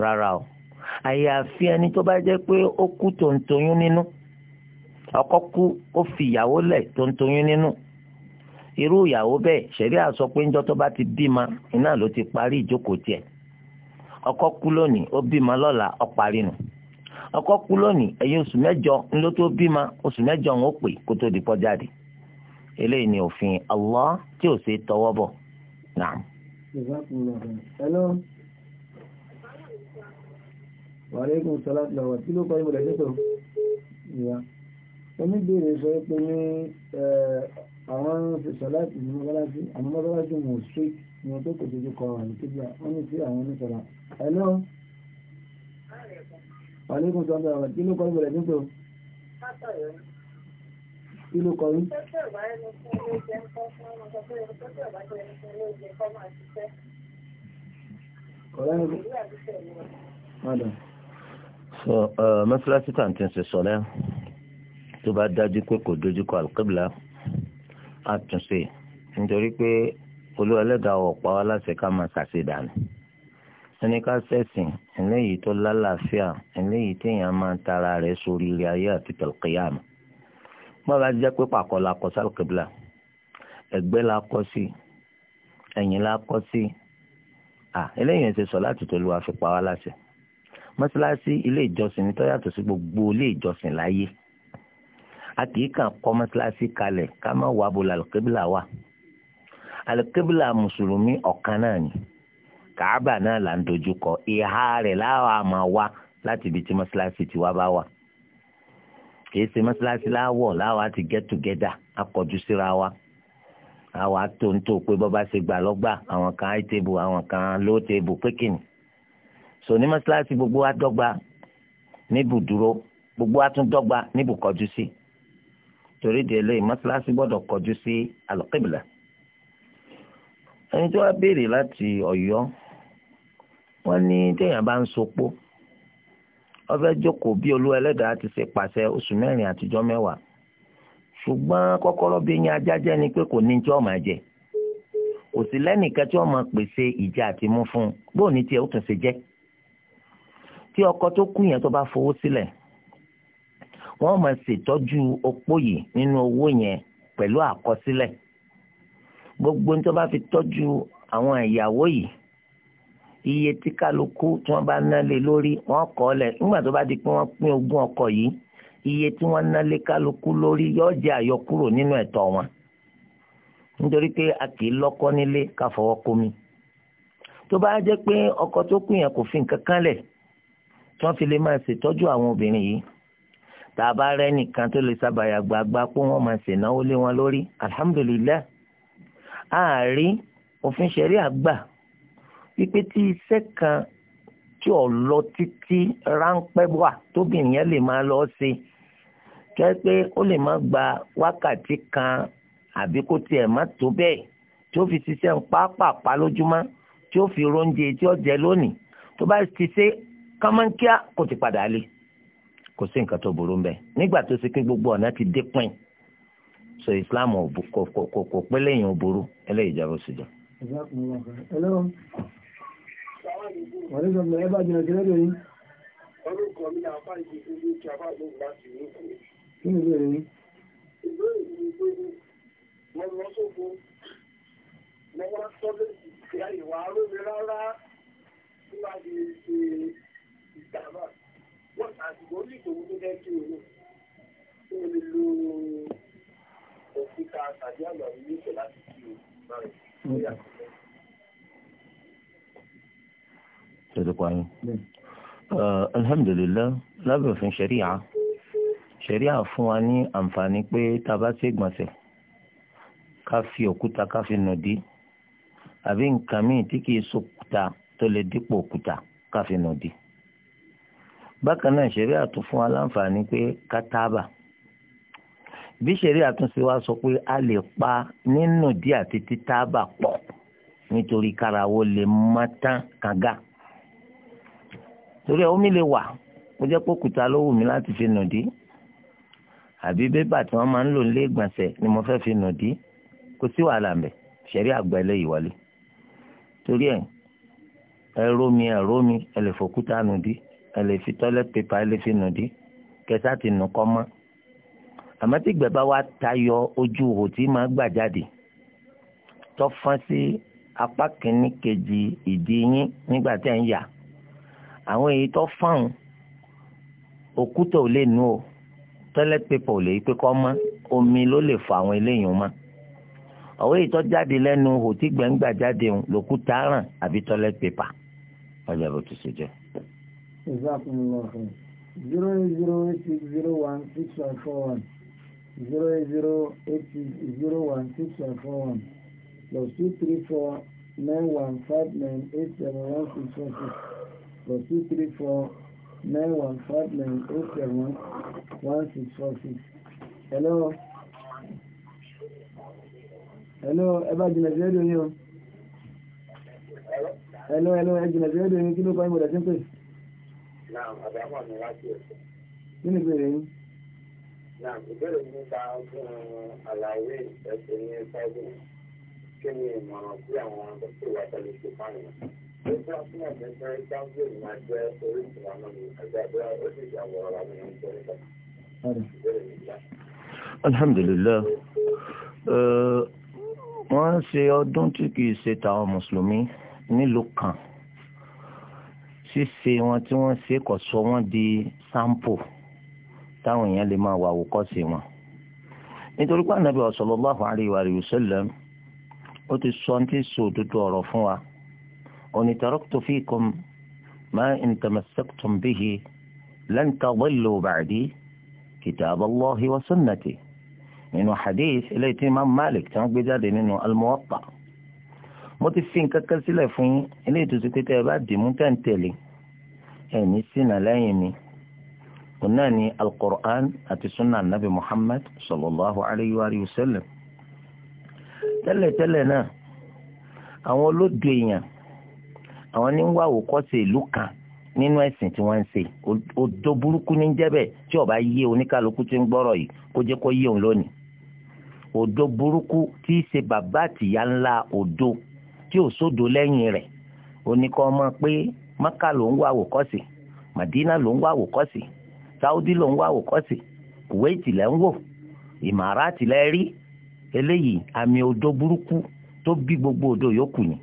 rárá o àyàfi ẹni tó bá jẹ́ pé ó kú tòǹtòyún nínú ọkọ kú ó fi ìyàwó lẹ̀ tòǹtòyún nínú irú ìyàwó bẹ́ẹ̀ ṣẹ̀ríà sọ pé ńjọ́ tó bá ti bímọ iná ló ti parí ìjókòó tiẹ̀ ọkọ kú lónìí ó bímọ lọ́la ọ parí nù ọkọ kú lónìí ẹ̀yìn oṣù mẹ́jọ ńlọ tó bímọ oṣù mẹ́jọ ń ó pè kó tó di pọ́ jáde eléyìí ni òfin Allah tí ò ṣe tọwọ́ bọ̀ náà. wà lẹ́kùn sọ́lá ti lọ́wọ́ tí ló kọ́ ìmọ̀lẹ̀ tó tọ̀ ìyá oníbèrè sọ pé ní àwọn ṣe sọ́lá ti ní mọ́sálásí àmọ́ mọ́sálásí mọ̀ street ni wọ́n tó kò tójú kọ àwọn ìkébíà wọ́n ní sí àwọn oníṣọ́lá ẹ̀lọ́ wà kọ́ ìmọ̀lẹ̀ tó tọ̀ kí ló kọ mọ́sálásí tá à ń ti ń ṣe sọ́lẹ́ tó bá dájú pé kò dojúkọ àlùkébìlà àtúnṣe nítorí pé olúwa ẹlẹ́dàá ọ̀pá wa láṣẹ ká máa ṣàṣe dànù ẹni ká ṣẹ̀sìn eléyìí tó lálàáfíà eléyìí téèyàn máa ń tara rẹ̀ sórí ilé ayé àti tẹ̀lẹ́kẹ́yàmù bá bá jẹ́ pé pàkọ́ la kọ sálùkébìlà ẹ̀gbẹ́ la kọ sí ẹ̀yìn la kọ sí à eléyìí ń ṣe sọ láti tó lu àfipá wa láṣẹ mọ́sálásí ilé ìjọsìn ni tó yàtọ̀ sí gbogbo ilé ìjọsìn láyé a kì í kàn kọ́ mọ́sálásí kalẹ̀ ká má wà bó lalùkébìlà wà alùkébìlà mùsùlùmí ọ̀kan náà ni kàábà náà là ń dojú kọ ìhà rẹ̀ láwa máa wá láti ibi tí mọ́sálásí ti wá bá wà kì ṣe mọ́sálásí láwọ̀ láwa ti get together akọjú síra wa àwa tó ń tó pé bọ́ bá ṣe gbà lọ́gbà àwọn kan high table àwọn kan low table pékìnì So ní mọ́ṣáláṣí gbogbo wa dọ́gba níbùdúró gbogbo wa tún dọ́gba níbùkọjú sí torí di eléyìí mọ́ṣáláṣí gbọ́dọ̀ kọjú sí alùkébìlà ẹni tí wọ́n béèrè láti ọ̀yọ́ wọ́n ní téèyàn bá ń sopó ọfẹ́ jókòó bí olú ẹlẹ́dàá ti ṣe pàṣẹ oṣù mẹ́rin àtijọ́ mẹ́wàá ṣùgbọ́n kọ́kọ́rọ́ bí yín ajájẹ́ ni pé kò ní tí ọmọ jẹ kò sí lẹ́nìkan tí ọmọ pèsè ìjà àti mú fún un bóun ní tiẹ̀ ó tún ṣe jẹ́ tí ọkọ tó kú yẹn tó bá fowó sílẹ̀ wọ́n máa ṣètọ́jú opó yìí nínú owó yẹn pẹ̀lú àkọsílẹ̀ gbogbo ní tó fi tọ́jú àwọn ìyàwó yìí iye tí kálukú tí wọ́n bá ná lé lórí wọ́n ọ lẹ̀ nígbà tó bá ọkọ yìí iye tí wọ́n ná lé kálukú lórí yóò jẹ́ àyọkúrò nínú ẹ̀tọ́ wọn nítorí pé a kì í lọ́kọ nílé ká fọwọ́ ọkọ tó yẹn kò fi kan lẹ̀ tí wọ́n fi lè máa ṣètọ́jú àwọn obìnrin yìí tá a bá rẹ́ nìkan tó lè sábàyà gbàgbà pé wọ́n máa ṣènáwó lé wọn lórí alhamdulillah ààrí òfin ṣẹ̀rí àgbà wípé tí iṣẹ́ kan tí ò lọ títí ráńpẹ́ wà tóbìnrin yẹn lè máa lọ ṣe kẹ́ pé ó lè má gba wákàtí kan àbí kó tiẹ̀ má tó bẹ́ẹ̀ tí ó fi ṣiṣẹ́ ń pápápá lójúmọ́ tí ó fi róúnjẹ tí ó jẹ lónìí tó bá ti ṣe kámánkíá kò ti padà lé kò sí nǹkan tó burú mbẹ nígbà tó ṣe pé gbogbo ọ̀nà ti dé pín so islam kò kò kò pé lẹ́yìn òbúrú eléyìí jẹ́ oṣù jọ. mo lọ sóko mo wá sọ́dọ̀ ìgbé àyèwà arómi rárá nígbà tí ìjàmbá wọ́n àsìkò orí ìṣòwò tó fẹ́ kí owó tó lè lo òkúta tàbí àgbà ilé ìṣẹ̀ láti kí o báyìí lórí uh, àkókò. Tẹ̀lé pààyàn. Alhamdulilayi, lábẹ́ òfin ṣẹ̀ríà, ṣẹ̀ríà fún wa ní àǹfààní pé tá a bá ṣe gbọ̀nsẹ̀, ká fi òkúta ká fi nùdí, àbí nǹkan míì tí kìí sòkúta tó lè dípò òkúta ká fi nùdí bákan náà ṣẹ̀rí àtún fún wa láǹfààní pé kátàbà bí ṣẹ̀rí àtúnṣe wa sọ pé a lè pa nínú díẹ̀ àti títàbà pọ̀ nítorí kárawó lè má tán kànga torí ẹ omi lè wà ó jẹ́ pé òkúta ló wù mí láti fi nù dí àbí bébà tí wọ́n máa ń lò nílé ìgbọ̀nsẹ̀ ni mo fẹ́ fi nù dí kò sí wàhálà mẹ́ ṣẹ̀rí àgbà eléyìí wọlé torí ẹ ẹ rómi ẹ rómi ẹ lè fòkúta nù dí ẹ lè fi toilet paper ẹ lè fi nù dí kẹsà ti nù kọ́ mọ́ àmọ́ tí ìgbẹ́ bá wá tayọ ojú ihò tí máa gbà jáde tó fọ́n sí apá kìíní kejì ìdí yín nígbà tẹ́ ń yà àwọn èyí tó fọ́n òkúta ò lè nù o toilet paper ò lè yí pé kọ́ mọ́ omi ló lè fọ àwọn eléyìí mọ́ ọ̀wé ìtọ́ jáde lẹ́nu ihò tí gbẹ̀ngbà jáde lòkúta ràn àbí toilet paper ọjà bó ti ṣe jẹ́. Jazakumullah khair. zero eight zero eight zero one six five four one zero zero eight zero one six five four one plus two three four nine one five nine eight seven one one six plus two three four nine one five nine eight seven one six six. hello hello ẹ bá jìnnà sí ẹdùn yìí o hello hello ẹ jìnnà ẹdùn yìí kí ló kọ́ ìmọ̀lẹ́sìn pè. Kí ni ìbéèrè yín? Náà ìbéèrè mi nípa ọdún àlàyé ẹ̀sìn ní ṣáájú kí ni ìmọ̀ràn sí àwọn akọ́kọ́ àti àbúrò ó Alhamdulillah wọ́n ṣe ọdún tí kìí ṣe tàwọn mùsùlùmí nílùú kan ṣíṣe wọn tí wọ́n ṣe kò sọ wọ́n di sampo táwọn èèyàn lè máa wà àwòkọ́ṣe wọn. nítorí pé ànábì sallallahu alaihi wa sallam ó ti sọ ní ti sọ òdodo ọ̀rọ̀ fún wa òní taraktu fikum ma in tamassaktum bihi lan tadillu ba'di kitaballahi wa sunnati nínú hadith eléyìí tí imam malik tí wọ́n gbé jáde nínú al mo ti fi nǹkan kan sílẹ̀ fún yín eléyìí tó ti pé tẹ́ ẹ bá dì mú tẹ̀ǹtẹ̀lé ẹ̀ ní lẹ́yìn mi òun náà ni alukur'an àti sunna anabi muhammad sallallahu alayhi wa sallam tẹ́lẹ̀tẹ́lẹ̀ náà àwọn olódo èèyàn àwọn ní ń wá àwòkọ́ṣe ìlú kan nínú ẹ̀sìn tí wọ́n ń ṣe odò burúkú ní jẹ́bẹ̀ tí ó bá yé oníkálukú tí ń gbọ́rọ̀ yìí kó jẹ́ kó yé òun lónìí odò burúkú tí í ṣe bàbá àtìyá ńlá odò tí ò sódò lẹ́yìn rẹ̀ oníkọ́ ọmọ pé maka ló ń wá àwòkọ́sì madina ló ń wá àwòkọ́sì saudi ló ń wá àwòkọ́sì kuwait lẹ́ ń wò ìmàràtì lẹ́ rí eléyìí àmì odó burúkú tó bí gbogbo odò yòókù ni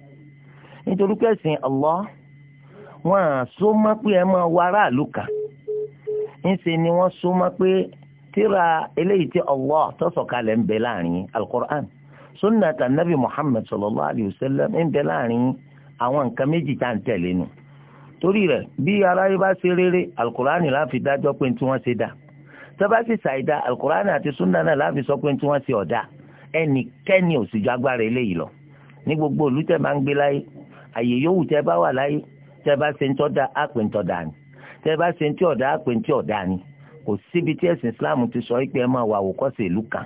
nítorí pé ẹ̀sìn Allah wọn à so mọ́ pé ẹ máa wọ aráàlú kan ńṣe ni wọ́n so mọ́ pé tíra eléyìí tí Allah tó sọ̀kalẹ̀ ń bẹ láàrin alukur'an sunna ta nabi muhammad sallallahu alayhi wa sallam ń bẹ láàrin àwọn nǹkan méjì tá à ń tẹ̀lé nu torí rẹ̀ bí aráyé bá ṣe rere alukurani láfi dájọ́ pé tí wọ́n ṣe dá tọ́ba sì ṣàìdá alukurani àti sunna náà láfi sọ pé tí wọ́n ṣe ọ̀dà ẹnikẹ́ni ò sì ju agbára eléyìí lọ ní gbogbo òlú tẹ́ máa ń gbé láyé àyè yòówù tẹ́ bá wà láyé tẹ́ bá ṣe ń tọ́ àpè ń tọ́ ni tẹ́ bá ṣe ń tí ọ̀dà àpè ń tí ọ̀dà ni kò síbi tí ẹ̀sìn islam ti sọ pé ẹ máa wà àwòkọ́ṣe ìlú kan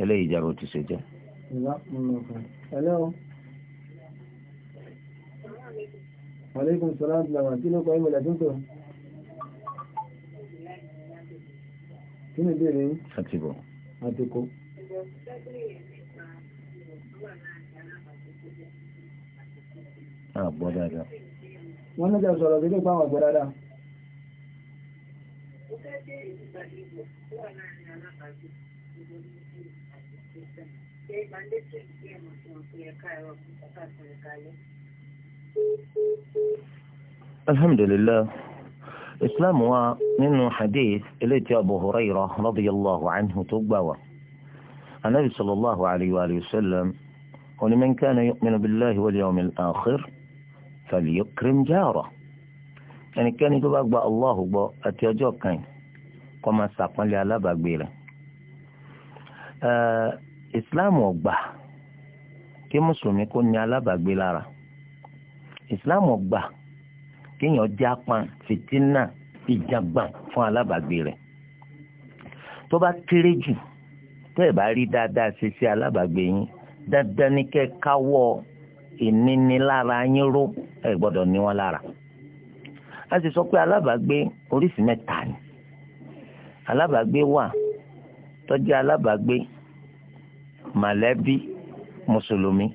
eléyìí jẹ́rọ ti ṣe jẹ́. Hello. Aleykum salaam lọ́wọ́ kí ló kọ́ ìmọ̀lẹ̀ tó ń tọ̀? Kí ni ìbéèrè yín? Àtìkò. Àtìkò. Àgbọ̀ dáadáa. Wọ́n ní jẹ́ sọ̀rọ̀ kí ló pa àwọn àgbọ̀ dáadáa. Ó fẹ́ dé ìgbàlejò tó wà láàrin alábàájú, ìgbòmí ṣé mandatory kí ẹ̀ mọ̀ sí wọn pé ẹ̀ka ẹ̀rọ kọ̀ọ̀kan kan ẹ̀ka lẹ́. alhamdulillah islam wa nínú hadith eléyìí tí abu hurayra radiyallahu anhu tó gbà wá anabi sallallahu alayhi wa sallam oní man kana yu'minu billahi wal yawmil akhir falyukrim jarahu ẹnikẹ́ni tó bá gba allah gbọ́ àti ọjọ́ kan kó máa ṣàpọ́nlé alábàgbé rẹ̀ islam ò gbà kí mùsùlùmí kó ní alábàgbé lára islam ò gbà kéèyàn jápan fìtínà ìjàngbọ̀n fún alábàgbé rẹ̀ tó bá kéré jù tẹ́ ẹ̀ bá rí dáadáa ṣe sí alábàgbé yín dandan ní kẹ́ káwọ́ ìnínilára yín ró ẹ gbọ́dọ̀ ní wọn lára a sì sọ pé alábàágbé oríṣìí mẹ́ta ni alábàágbé wà tó jẹ́ alábàágbé mọ̀lẹ́bí mùsùlùmí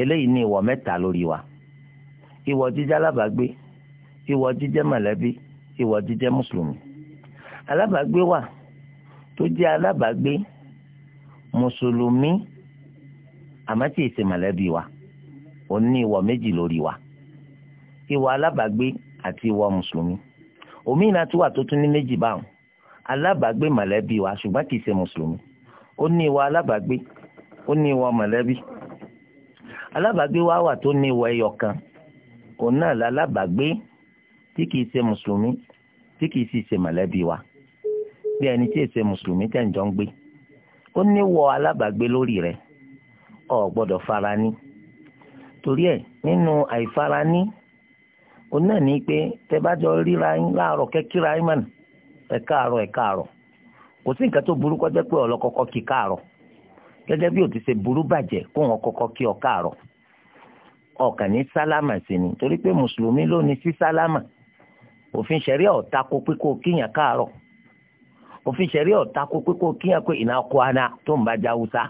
eléyìí ní ìwọ̀ mẹ́ta lórí wa ìwọ̀ jíjẹ́ alábàágbé ìwọ̀ jíjẹ́ mọ̀lẹ́bí ìwọ̀ jíjẹ́ mùsùlùmí alábàágbé wa tó jẹ́ alábàágbé mùsùlùmí àmọ́ tí èsè mọ̀lẹ́bí wa òun ní ìwọ̀ méjì lórí wa ìwọ̀ alábàágbé àti ìwọ̀ mùsùlùmí òmìnira tó wà tó tún ní méjì báwọn alábàágbé mọ̀lẹ́bí wa ṣùgbọ́n kì í ṣe mùsùlùmí ó ní ìwà alábàágbé ó ní ìwà mọ̀lẹ́bí alábàágbé wa wà tó ní ìwà ẹyọ òun náà lálábàágbé tí kìí ṣe mùsùlùmí tí kìí sì ṣe mọ̀lẹ́bí wa bí ẹni tí èsè mùsùlùmí tẹ̀jọ́ ń gbé ó ní alábàágbé lórí rẹ gbọ́dọ̀ farani torí ẹ̀ nínú àìfarani òun náà ní pé tẹ bá jọ ríra yín láàárọ̀ kẹ́kíra yín kò sí nǹkan tó burú kọjá pé ọlọ kọ́kọ́ kí káàárọ̀ gẹ́gẹ́ bí o ti ṣe burú bàjẹ́ kó wọn kọ́kọ́ kí ọ káàárọ̀ ọkàn ní sálámà sí ni torí pé mùsùlùmí ló ní sí sálámà òfin ṣẹ̀ríà ò tako pé kó kíyàn káàárọ̀ òfin ṣẹ̀ríà ò tako pé kó kíyàn pé ìná kó aná tó ń bá jẹ haúsá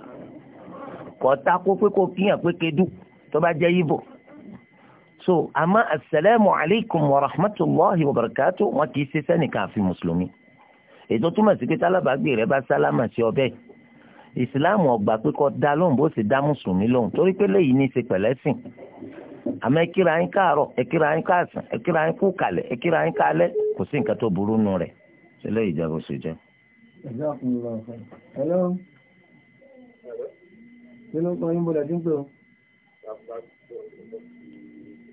kò tako pé kíyàn pé kedú tó bá jẹ yíbò so àmọ́ asalaamu alaykum wa rahmatulahi wa barakatu wọn kì í ṣe sẹ́nìkan àfi mùsùlùmí ètò túmọ̀ sí pé tálábàágbé rẹ bá sálámà sí ọ bẹ́ẹ̀ ìsìláàmù ọgbà pé kọ́ da lóhùn bó sì dá mùsùlùmí lóhùn torí pé léyìí ní í ṣe pẹ̀lẹ́sìn àmọ́ ẹkíra yín káàárọ̀ ẹkíra yín káàsán ẹkíra yín kú kalẹ̀ ẹkíra yín kálẹ́ kò sí nǹkan tó burú nù rẹ̀ ṣe léyìí jẹ́ bó ṣe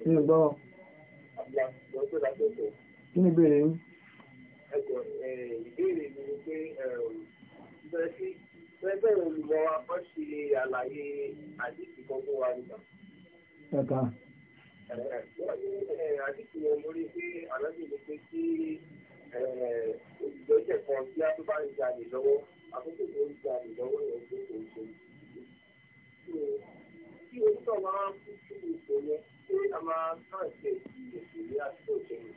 jẹ́. kí ni ìbéèrè yín ẹ̀jọ̀ ìbéèrè mi ni pé bẹ́ẹ̀ sí bẹ́ẹ̀ olùmọ̀ wa kọ́ ṣe àlàyé àdìsí kan fún wa nígbà. ẹ̀ka. wọ́n ní àdìsí yẹn mo rí pé àlọ́jì ni pé kí olùdókè kan tí a tó bá ń jalè lọ́wọ́ àkókò tó ń jalè lọ́wọ́ yẹn tó kò ń ṣe kí o máa ń kú sí ipò yẹn pé a máa kàn ṣe ìṣèlú àti òṣèlú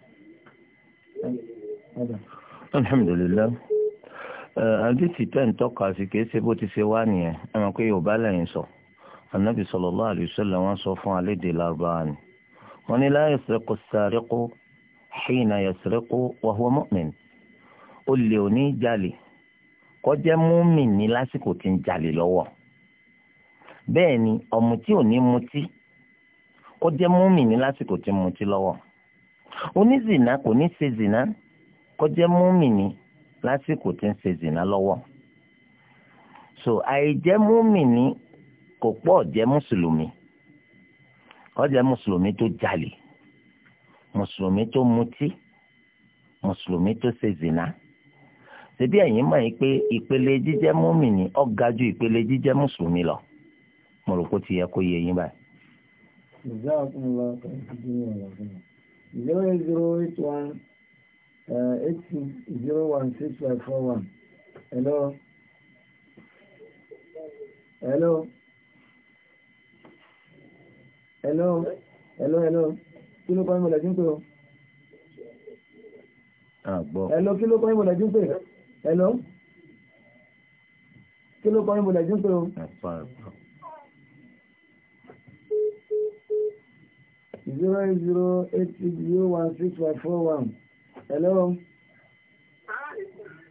alhamdulilayi eh, àdìsí tẹ́ ń tọ́ka sí kìí ṣe bó ti ṣe wá nìyẹn ẹ mọ̀ pé yorùbá lẹ́yìn sọ anabi sallallahu alaihi wasallam wọ́n sọ fún alédè lárúbáwá ni wọ́n ní la yasriqu as-sariqu hina yasriqu wa huwa mu'min olè ò ní jalè kó jẹ́ ní lásìkò tí ń jalè lọ́wọ́ bẹ́ẹ̀ ni ọ̀mùtí ò ní mutí kó jẹ́ ní lásìkò tí ń mutí lọ́wọ́ onízìnà kò ní ṣe zìnà kó jẹ́ múmìnì lásìkò tí ń ṣe zìnà lọ́wọ́ so àìjẹ́ múmìnì kò pọ̀ jẹ́ mùsùlùmí ó jẹ́ mùsùlùmí tó jalè mùsùlùmí tó mutí mùsùlùmí tó ṣe zìnà ṣebí ẹ̀yin mọ̀ yín pé ìpele jíjẹ́ múmìnì ó ga ju ìpele jíjẹ́ mùsùlùmí lọ mo rò pé ó ti yẹ kó yé yín báyìí. 08081 8016541. Uh, hello. Hello. Hello. Hello, hello. Kí ló kọ́ ìmọ̀lẹ̀ jí ń pè o? Àgbọ̀. Hello, kí ló kọ́ ìmọ̀lẹ̀ jí ń Hello. Kí ló kọ́ ìmọ̀lẹ̀ jí o? Àpá àpá. zero eight zero eight six zero one six five four one hello.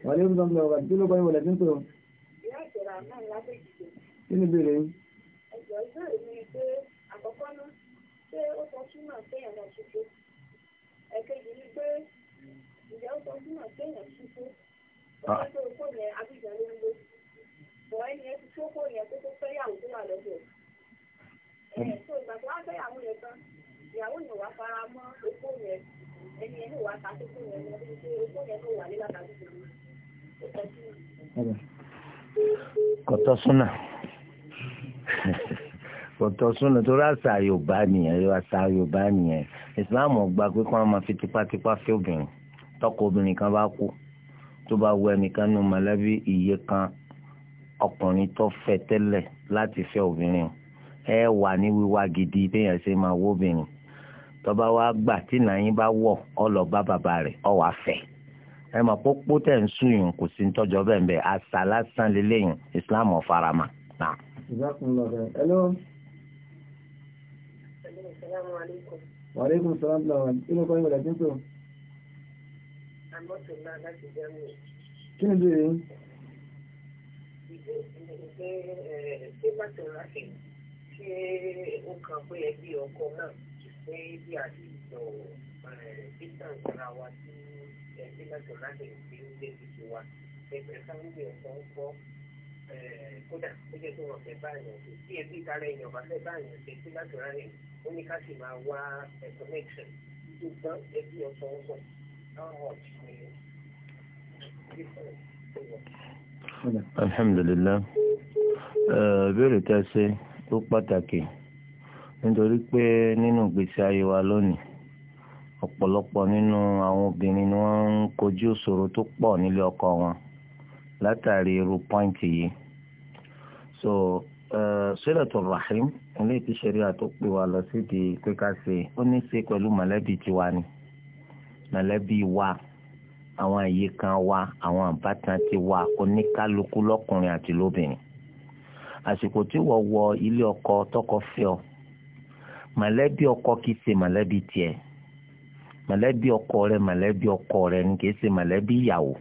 wàlẹ́ ìbùdó ọ̀gbìn ọ̀gbà kí ló kọ́ ìwọlẹ̀ tí ń pè ọ́. kí ni ìbéèrè yín. ẹ̀jọ̀ ìbéèrè mi ni pé àkọ́kọ́ náà ṣé ó sọ súnmọ́ kéèyàn lọ ṣubú ẹ̀kejì ni pé ǹjẹ́ ó sọ súnmọ́ kéèyàn ṣubú ó sọ pé òkú yẹn abíjà ló ń lò bọ̀ ẹni ẹ ti tó kó yẹn kó tó fẹ́ yàwó tó wà lọ́dọ̀ ẹ̀ tó ìgbà tó wá fẹ́ yàwó yẹn tán ìyàwó yẹn wà fara mọ́ opó yẹn ẹni ẹni wà ta tó kó yẹn lọ bí pé opó yẹn ló wà nígbà tàbí kò ní ó tẹ̀ sí. kọtọ súnà kọtọ súnà tó ráṣà Yorùbá nìyẹn ráṣà Yorùbá nìyẹn ìsìláàmù ọgbà pé kí wọn máa fi tipátipá fi obìnrin tọkọ obìnrin kan bá kú tó bá wọ ẹnìkan nù mọ̀lẹ́bí iye kan ọkùnrin tó fẹ́ tẹ́lẹ̀ láti fẹ́ obìnrin ẹ wà ní wíwá gidi bẹ́ẹ̀ ṣe máa wọ obìnrin tọba wa gbà tí nàyín bá wọ̀ ọ lọ bá bàbá rẹ̀ ọ wàá fẹ́ ẹ mọ̀ pópó tẹ̀ ń sùn yìí kò sí ń tọ́jọ́ bẹ́ẹ̀ bẹ́ẹ̀ àṣà lásán lélẹ́yìn Islam ọ̀farama. Hello. Wàlékún sọ́lá ńlá wa kí ló kọ́ ìwọ̀n lẹ́tí ń pè ọ́? Àmọ́tò náà láti jẹ́ mi. Kí ni ìbéèrè yín? Ìgbẹ́ ṣé bàtò ráfì ṣé ó kàn pé ẹbí ọkọ náà pé bí a ti sọ distance eh, ara tó eh, eh, pàtàkì nítorí pé nínú ìgbésí ayé wa lónìí ọ̀pọ̀lọpọ̀ nínú àwọn obìnrin ni wọ́n ń kojú ìṣòro tó pọ̀ nílé ọkọ wọn látàrí irú pọ́ǹtì yìí so sílẹ̀tò rahim ilé ìtísẹ̀rí àtọ́pẹ́ wa lọ sí di pẹ́ká ṣe ó ní í ṣe pẹ̀lú mọ̀lẹ́bí tiwa ni mọ̀lẹ́bí wa àwọn àyè kan wa àwọn àbátan ti wa oníkálukú lọ́kùnrin àti lóbìnrin àsìkò tí wọ́n wọ ilé ọkọ tọkọ fẹ́ ọ mọ̀lẹ́bí ọkọ kì í ṣe mọ̀lẹ́bí tiẹ̀ mọ̀lẹ́bí ọkọ rẹ mọ̀lẹ́bí ọkọ rẹ ni kì í ṣe mọ̀lẹ́bí ìyàwó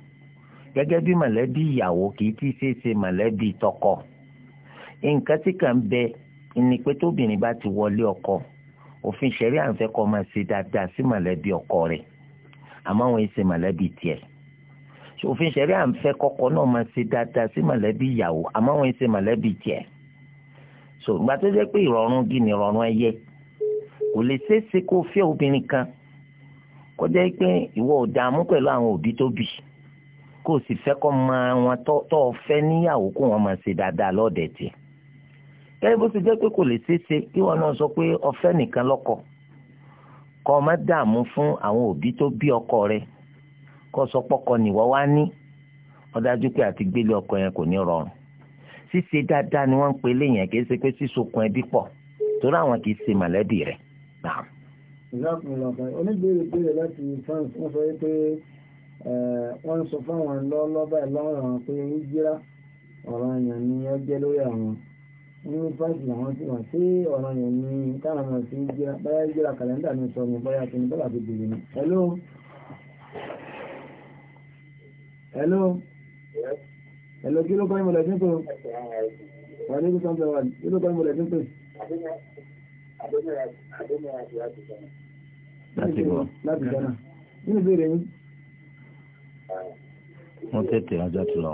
gẹ́gẹ́ bí mọ̀lẹ́bí ìyàwó kì í ti ṣe ṣe mọ̀lẹ́bí tọkọ nǹkan tí kàn bẹ ni pé tóbìnrin bá ti wọlé ọkọ òfin ṣẹ̀rí àǹfẹ́kọ́ máa ṣe dáadáa sí mọ̀lẹ́bí ọkọ rẹ̀ àmọ́ wọn ṣe mọ̀lẹ́bí tiẹ̀ òfin ṣẹ̀rí àǹfẹ́kọ́kọ́ náà máa ṣe dáadáa sí mọ̀lẹ́bí ìyàwó àmọ́ wọn ṣe mọ̀lẹ́bí tiẹ̀ so ìgbà tó jẹ́ pé ìrọ̀rùn gí ni ìrọ̀rùn ẹyẹ kò lè ṣeé ṣe kó fẹ́ obìnrin kan kó jẹ́ pé ìwọ ò dààmú pẹ̀lú àwọn òbí tó bì kó o sì fẹ́ kọ́ máa wọn tó o fẹ́ níyàwó kó wọn máa ṣe dáadáa lọ́ọ̀dẹ̀ tiẹ̀ kẹ́rì bó ṣe jẹ́ pé kò lè ṣeé ṣe kí wọn náà sọ pé o fẹ́ nìkan lọ́kọ kọ́ ọ má dààmú fún àwọn òbí tó bí ọkọ rẹ kọ́ ọ sọ pọ́kọ nìwọ wá ní ó dájú pé àti gbélé ọkọ yẹn kò ní rọrùn ṣíṣe dáadáa ni wọ́n ń pe eléyìí yẹn kì í ṣe pé sísokùn ẹbí pọ̀ torí àwọn kì í ṣe mọ̀lẹ́bí rẹ̀ Naam. Ìlàkùnlọ́pàá oníbèrè bèrè láti France wọ́n sọ pé wọ́n sọ fáwọn lọ́lọ́bà lọ́rùn pé hijira ọ̀rọ̀ èèyàn ni ó jẹ́ lórí àwọn ní fásitì làwọn tí wọ́n sí ọ̀rọ̀ èèyàn ni káwọn ọmọ sí hijira báyá hijira kàlẹ́ndà ní sọ mi báyá kí ni bọ́lá fi bèrè ni. Hello. Hello. Hello kí ló kọ́ ìmọ̀lẹ̀ tí ń pè? Wà ní kí ló kọ́ ìmọ̀lẹ̀ tí ń pè? láti bọ̀ nínú ìbéèrè yín. Ah. wọ́n tètè ọjọ́ tó lọ.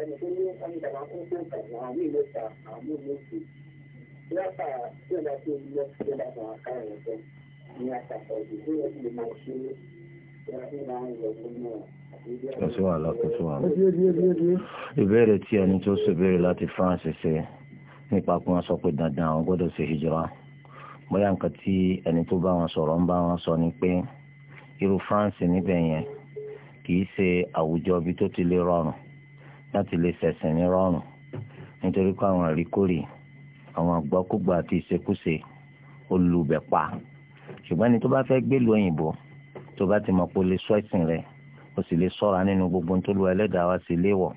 ẹni kòsí ìbéèrè tí ẹni tó ṣe béèrè láti France ṣe nípa pé wọ́n sọ pé dandan àwọn gbọ́dọ̀ ṣe hijira bóyá nǹkan tí ẹni tó bá wọn sọrọ ń bá wọn sọ ni pé irú France níbẹ̀ yẹn kì í ṣe àwùjọ ibi tó ti lè rọrùn láti lè ṣẹ̀sìn ní rọrùn nítorí pé àwọn àríkórè àwọn àgbọ́kúgbà àti ìṣekúṣe olùbẹ̀pa ṣùgbọ́n ẹni tó bá fẹ́ gbèlú òyìnbó tó bá ti mọ̀ pé ó lè sọ ẹ̀sìn rẹ̀ o sì lè sọ́ra nínú gbogbo tó lu ẹlẹ́dàá wa sí léwọ̀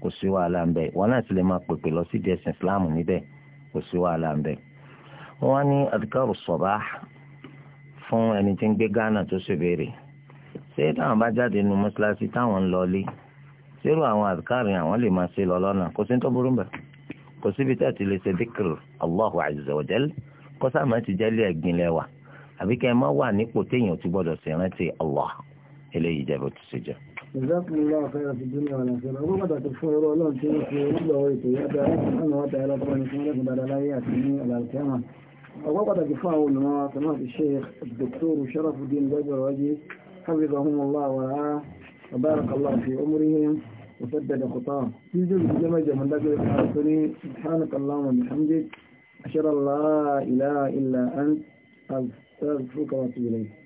kò sí wàhálà ń bẹ̀ wọn náà lè máa pèpè lọ sí díẹ̀ sin islam níbẹ̀ kò sí wàhálà ń bẹ̀. wọ́n ní adhkaru sabah fún ẹni tí ń gbé Ghana tó ṣe béèrè ṣé táwọn bá jáde nu mọ́ṣáláṣí táwọn ń lọ lé ṣérò àwọn adhkaru àwọn lè máa ṣe lọ lọ́nà kò sí ń tó burú bẹ̀ kò síbi tá a ti lè ṣe dhikr Allahu azza wa jal kọ́sàmọ́ ti jẹ́ lé ẹ̀gbin lẹ́wà àbíkẹ́ ẹ má wà nípò téèyàn ti gbọ́dọ̀ ṣèrántí Allah. إليه إجابة bó جزاكم الله خيرا في الدنيا والآخرة وبدأ الفور ولون في ربه ويتيادى سبحانه وتعالى طبعا يكون بعد لا يأتيني على الكامة وقد كفاه لما سمعت الشيخ الدكتور شرف الدين جابر وجي حفظهم الله ورعاه وبارك الله في عمرهم وسدد خطاه في جزء جمجة من ذلك الحرصني سبحانك اللهم وبحمدك أشهد أن لا إله إلا أنت أستغفرك وأتوب إليك